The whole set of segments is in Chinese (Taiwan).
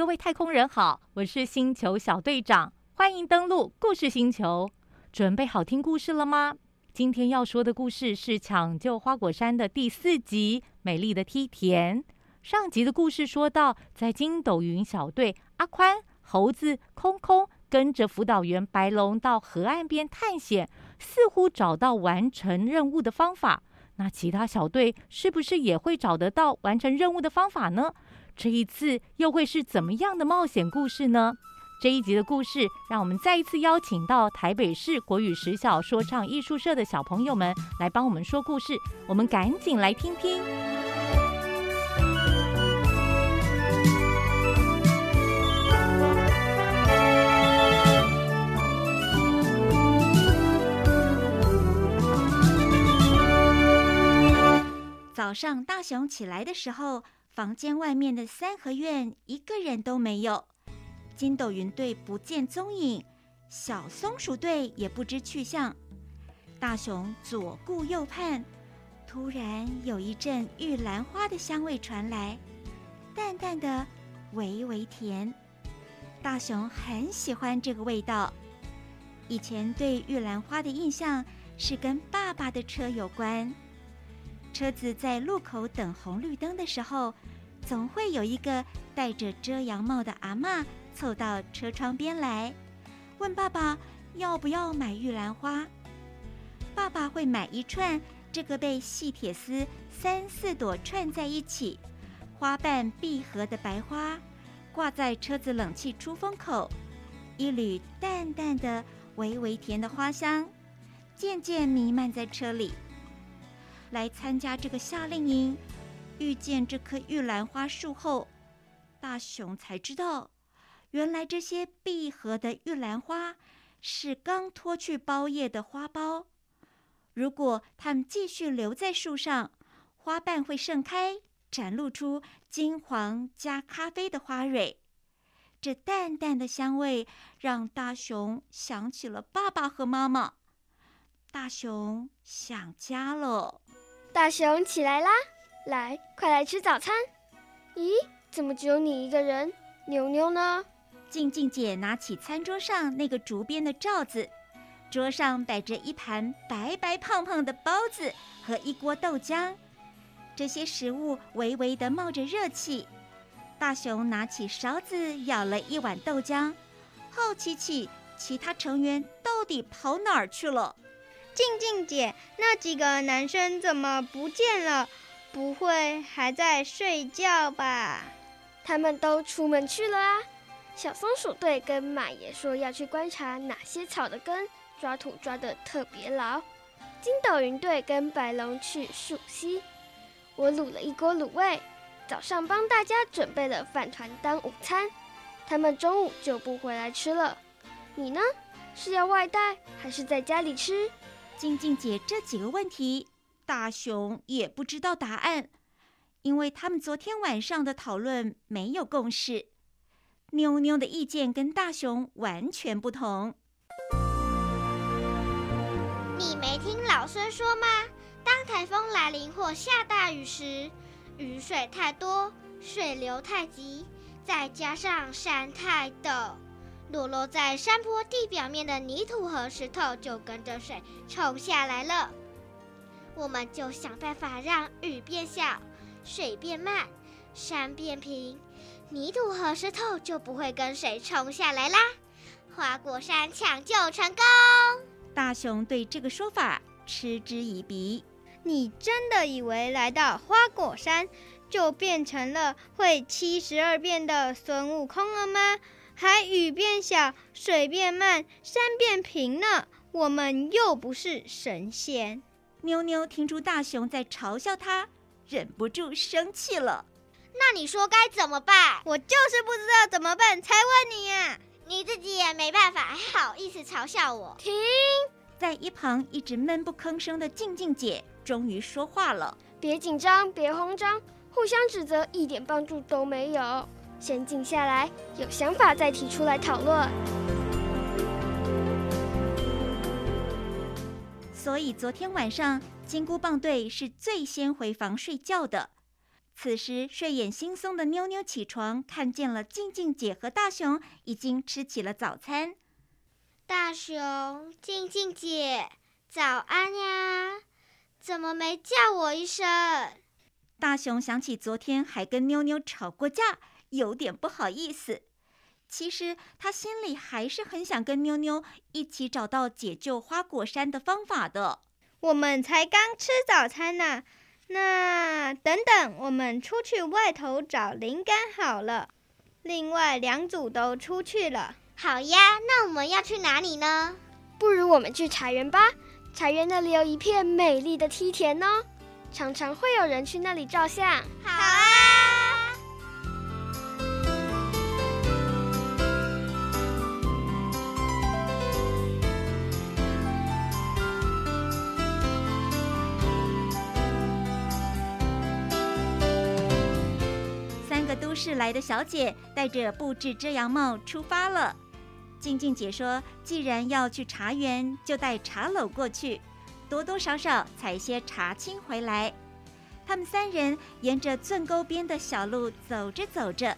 各位太空人好，我是星球小隊長，歡迎登錄故事星球，準備好聽故事了嗎？今天要說的故事是《搶救花果山》的第四集《美麗的梯田》。上集的故事說到，在筋斗雲小隊，阿寬、猴子、空空跟着輔導員白龍到河岸邊探險，似乎找到完成任務的方法。那其他小隊是不是也會找得到完成任務的方法呢？這一次又會是怎麼樣的冒險故事呢？這一集的故事，讓我們再一次邀請到台北市國語實小說唱藝術社的小朋友們來幫我們說故事。我們趕緊來聽聽。早上，大熊起來的時候。房間外面的三合院一個人都沒有，筋斗雲隊不見蹤影，小松鼠隊也不知去向。大熊左顧右盼，突然有一陣玉蘭花的香味傳來，淡淡的，微微甜。大熊很喜歡這個味道。以前對玉蘭花的印象是跟爸爸的車有關。車子在路口等紅綠燈的時候，總會有一個戴着遮陽帽的阿嬤湊到車窗邊來，問爸爸要不要買玉蘭花。爸爸會買一串這個被細鐵絲三四朵串在一起、花瓣閉合的白花，掛在車子冷氣出風口，一縷淡淡的、微微甜的花香漸漸彌漫在車裡。來參加這個夏令營，遇見這棵玉蘭花樹後，大熊才知道，原來這些閉合的玉蘭花是剛脫去苞葉的花苞。如果它們繼續留在樹上，花瓣會盛開，展露出金黃加咖啡的花蕊。這淡淡的香味讓大熊想起了爸爸和媽媽，大熊想家了。大熊起來啦，來，快來吃早餐。咦，怎麼只有你一個人？牛牛呢？靜靜姐拿起餐桌上那個竹編的罩子，桌上擺着一盤白白胖胖的包子和一鍋豆漿。這些食物微微的冒着熱氣。大熊拿起勺子舀了一碗豆漿。好奇奇，其他成員到底跑哪兒去了？靜靜姐，那幾個男生怎麼不見了？不會還在睡覺吧？他們都出門去了啊！小松鼠隊跟馬爺說要去觀察哪些草的根，抓土抓得特別牢。筋斗雲隊跟白龍去溯溪。我滷了一鍋滷味，早上幫大家準備了飯團當午餐。他們中午就不回來吃了。你呢？是要外帶還是在家裡吃？靜靜姐，這幾個問題，大熊也不知道答案，因為他們昨天晚上的討論沒有共識。妞妞的意見跟大熊完全不同。你沒聽老孫說嗎？當颱風來臨或下大雨時，雨水太多，水流太急，再加上山太陡。裸露在山坡地表面的泥土和石頭就跟着水沖下來了。我們就想辦法讓雨變小，水變慢，山變平，泥土和石頭就不會跟水沖下來啦。花果山搶救成功。大雄對這個說法嗤之以鼻。你真的以為來到花果山就變成了會七十二變的孫悟空了嗎？還雨變小，水變慢，山變平呢。我們又不是神仙。妞妞聽出大雄在嘲笑他，忍不住生氣了。那你說該怎麼辦？我就是不知道怎麼辦，才問你啊。你自己也沒辦法，還好意思嘲笑我？停！在一旁一直悶不吭聲的靜靜姐終於說話了：別緊張，別慌張，互相指責一點幫助都沒有。先靜下來，有想法再提出來討論。所以昨天晚上，金箍棒隊是最先回房睡覺的。此時睡眼惺忪的妞妞起床，看見了靜靜姐和大雄已經吃起了早餐。大雄、靜靜姐，早安呀！怎麼沒叫我一聲？大雄想起昨天還跟妞妞吵過架。有點不好意思，其實他心裡還是很想跟妞妞一起找到解救花果山的方法的。我們才剛吃早餐呢，那等等我們出去外頭找靈感好了。另外兩組都出去了，好呀，那我們要去哪裡呢？不如我們去茶園吧，茶園那裡有一片美麗的梯田哦，常常會有人去那裡照相。好啊。是來的小姐帶着布製遮陽帽出發了。靜靜姐說：“既然要去茶園，就帶茶簍過去，多多少少採一些茶青回來。”他們三人沿着圳溝邊的小路走着走着，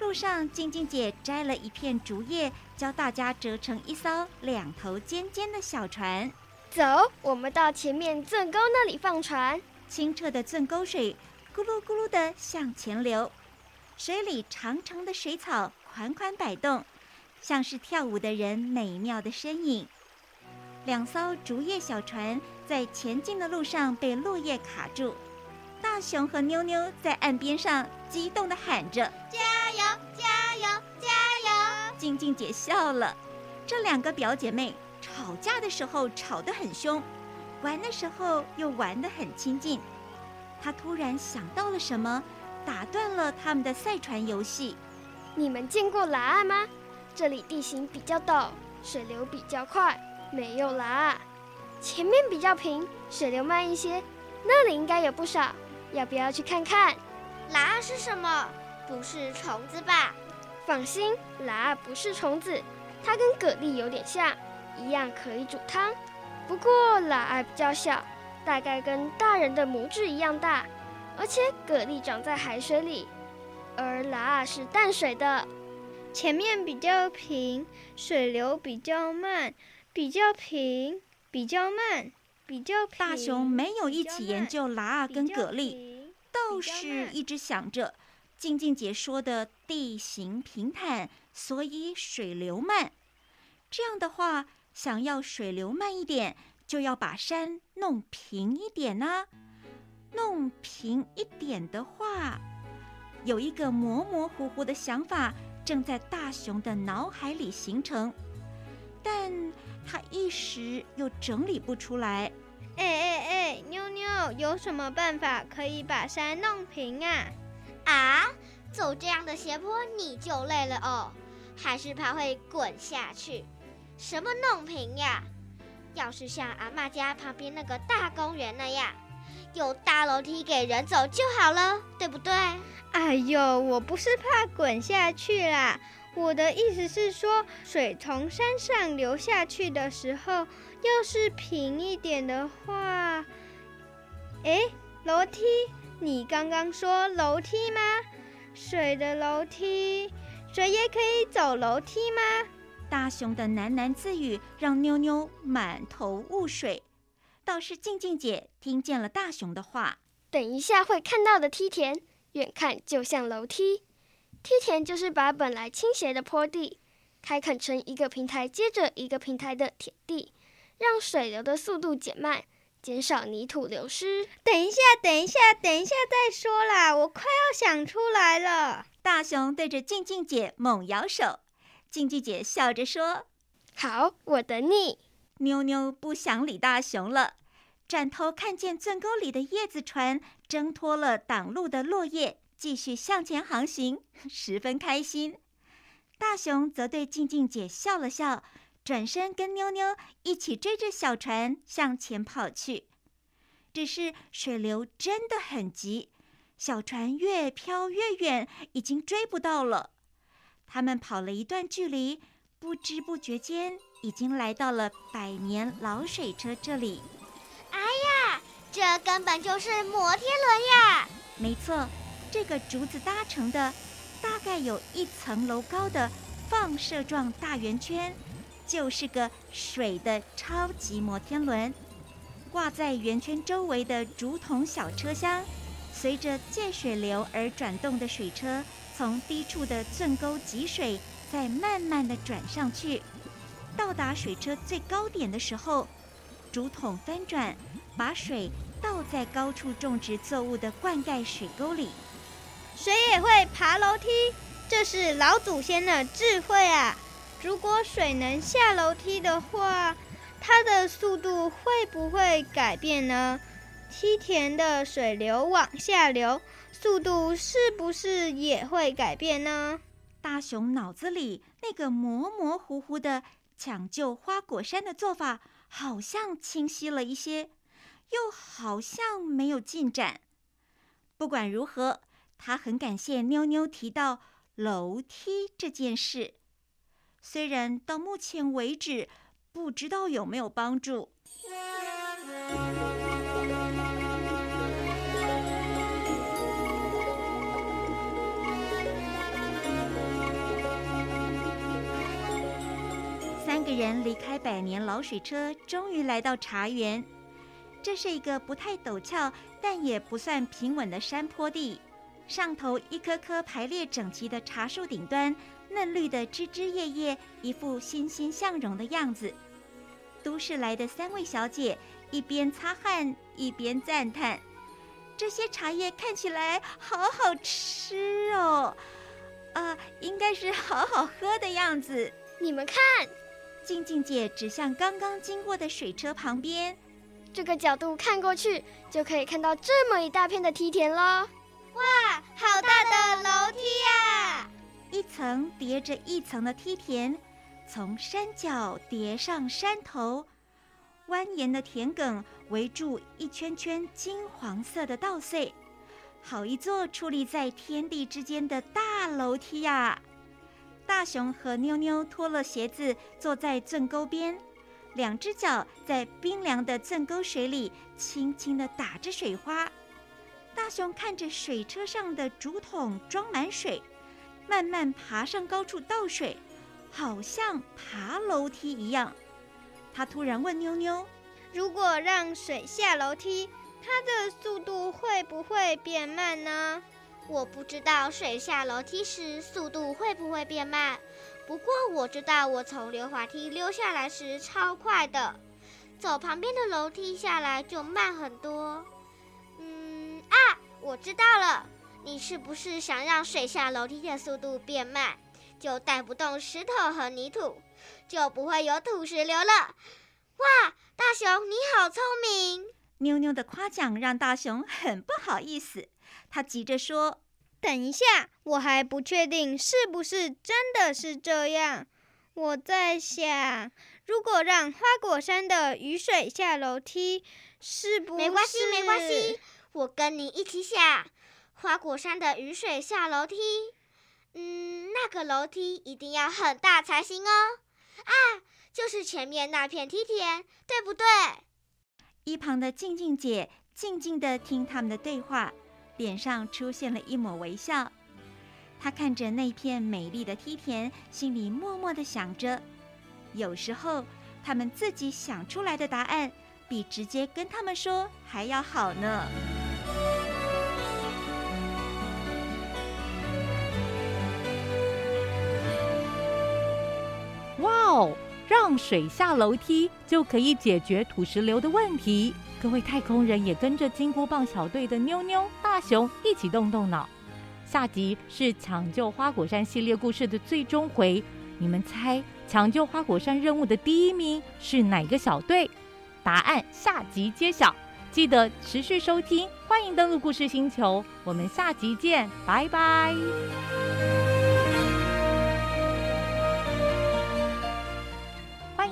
路上靜靜姐摘了一片竹葉，教大家折成一艘兩頭尖尖的小船。走，我們到前面圳溝那裡放船。清澈的圳溝水咕嚕咕嚕地向前流。水裡長長的水草款款擺動，像是跳舞的人美妙的身影。兩艘竹葉小船在前進的路上被落葉卡住，大熊和妞妞在岸邊上激動地喊着：“加油！加油！加油！”靜靜姐笑了，這兩個表姐妹吵架的時候吵得很兇，玩的時候又玩得很親近。她突然想到了什麼。打斷了他們的賽船遊戲。你們見過蜊仔嗎？這裡地形比較陡，水流比較快，沒有蜊仔。前面比較平，水流慢一些，那裡應該有不少，要不要去看看？蜊仔是什麼？不是蟲子吧？放心，蜊仔不是蟲子，它跟蛤蜊有點像，一樣可以煮湯。不過蜊仔比較小，大概跟大人的拇指一樣大。而且蛤蜊長在海水裡，而獺是淡水的。前面比較平，水流比較慢，比較平，比較慢，比較平。大雄沒有一起研究獺跟蛤蜊，倒是一直想着靜靜姐說的地形平坦，所以水流慢。這樣的話，想要水流慢一點，就要把山弄平一點呢、啊。弄平一點的話，有一個模模糊糊的想法正在大雄的腦海裡形成，但他一時又整理不出來。哎哎哎，妞妞，有什麼辦法可以把山弄平啊？啊，走這樣的斜坡你就累了哦，還是怕會滾下去。什麼弄平呀？要是像阿嬤家旁邊那個大公園那樣。有大樓梯給人走就好了，對不對？哎呦，我不是怕滾下去啦！我的意思是說，水從山上流下去的時候，要是平一點的話，哎，樓梯？你剛剛說樓梯嗎？水的樓梯，水也可以走樓梯嗎？大熊的喃喃自語讓妞妞滿頭霧水。倒是靜靜姐聽見了大熊的話，等一下會看到的梯田，遠看就像樓梯。梯田就是把本來傾斜的坡地，開墾成一個平台，接着一個平台的田地，讓水流的速度減慢，減少泥土流失。等一下，等一下，等一下再說啦，我快要想出來了。大熊對着靜靜姐猛搖手，靜靜姐笑着說：“好，我等你。”妞妞不想理大熊了。轉頭看見圳溝裡的葉子船掙脫了擋路的落葉，繼續向前航行，十分開心。大熊則對靜靜姐笑了笑，轉身跟妞妞一起追着小船向前跑去。只是水流真的很急，小船越飄越遠，已經追不到了。他們跑了一段距離，不知不覺間已經來到了百年老水車這裡。這根本就是摩天輪呀！沒錯，這個竹子搭成的、大概有一層樓高的放射狀大圓圈，就是個水的超級摩天輪。掛在圓圈周圍的竹筒小車廂，隨着借水流而轉動的水車，從低處的圳溝汲水，再慢慢地轉上去。到達水車最高點的時候。竹筒翻轉，把水倒在高處種植作物的灌溉水溝裡，水也會爬樓梯。這是老祖先的智慧啊！如果水能下樓梯的話，它的速度會不會改變呢？梯田的水流往下流，速度是不是也會改變呢？大熊腦子裡那個模模糊糊的搶救花果山的做法。好像清晰了一些，又好像沒有進展。不管如何，他很感謝妞妞提到樓梯這件事，雖然到目前為止不知道有沒有幫助。人離開百年老水車，終於來到茶園。這是一個不太陡峭，但也不算平穩的山坡地。上頭一棵棵排列整齊的茶樹，頂端嫩綠的枝枝葉葉，一副欣欣向榮的樣子。都市來的三位小姐一邊擦汗，一邊讚嘆：“這些茶葉看起來好好吃哦，啊、呃，應該是好好喝的樣子。”你們看。靜靜姐指向剛剛經過的水車旁邊，這個角度看過去，就可以看到這麼一大片的梯田咯。哇，好大的樓梯呀、啊！一層疊着一層的梯田，從山腳疊上山頭，蜿蜒的田埂圍住一圈圈金黃色的稻穗，好一座矗立在天地之間的大樓梯呀、啊！大熊和妞妞脫了鞋子，坐在圳溝邊，兩只腳在冰涼的圳溝水裡輕輕地打着水花。大熊看着水車上的竹筒裝滿水，慢慢爬上高處倒水，好像爬樓梯一樣。他突然問妞妞：“如果讓水下樓梯，它的速度會不會變慢呢？”我不知道水下樓梯時速度會不會變慢，不過我知道我從溜滑梯溜下來時超快的，走旁邊的樓梯下來就慢很多。嗯，啊，我知道了，你是不是想讓水下樓梯的速度變慢，就帶不動石頭和泥土，就不會有土石流了？哇，大熊，你好聰明！妞妞的誇獎讓大雄很不好意思，他急着說：“等一下，我還不確定是不是真的是這樣。我在想，如果讓花果山的雨水下樓梯，是不是……沒關係，沒關係。我跟你一起下。花果山的雨水下樓梯，嗯，那個樓梯一定要很大才行哦。啊，就是前面那片梯田，對不對？”一旁的靜靜姐靜靜地聽他們的對話，臉上出現了一抹微笑。她看着那片美麗的梯田，心裡默默地想着：有時候他們自己想出來的答案，比直接跟他們說還要好呢。哇哦！讓水下樓梯就可以解決土石流的問題。各位太空人也跟着金箍棒小隊的妞妞、大熊一起動動腦。下集是搶救花果山系列故事的最終回。你們猜搶救花果山任務的第一名是哪個小隊？答案下集揭曉。記得持續收聽，歡迎登陸故事星球。我們下集見，拜拜。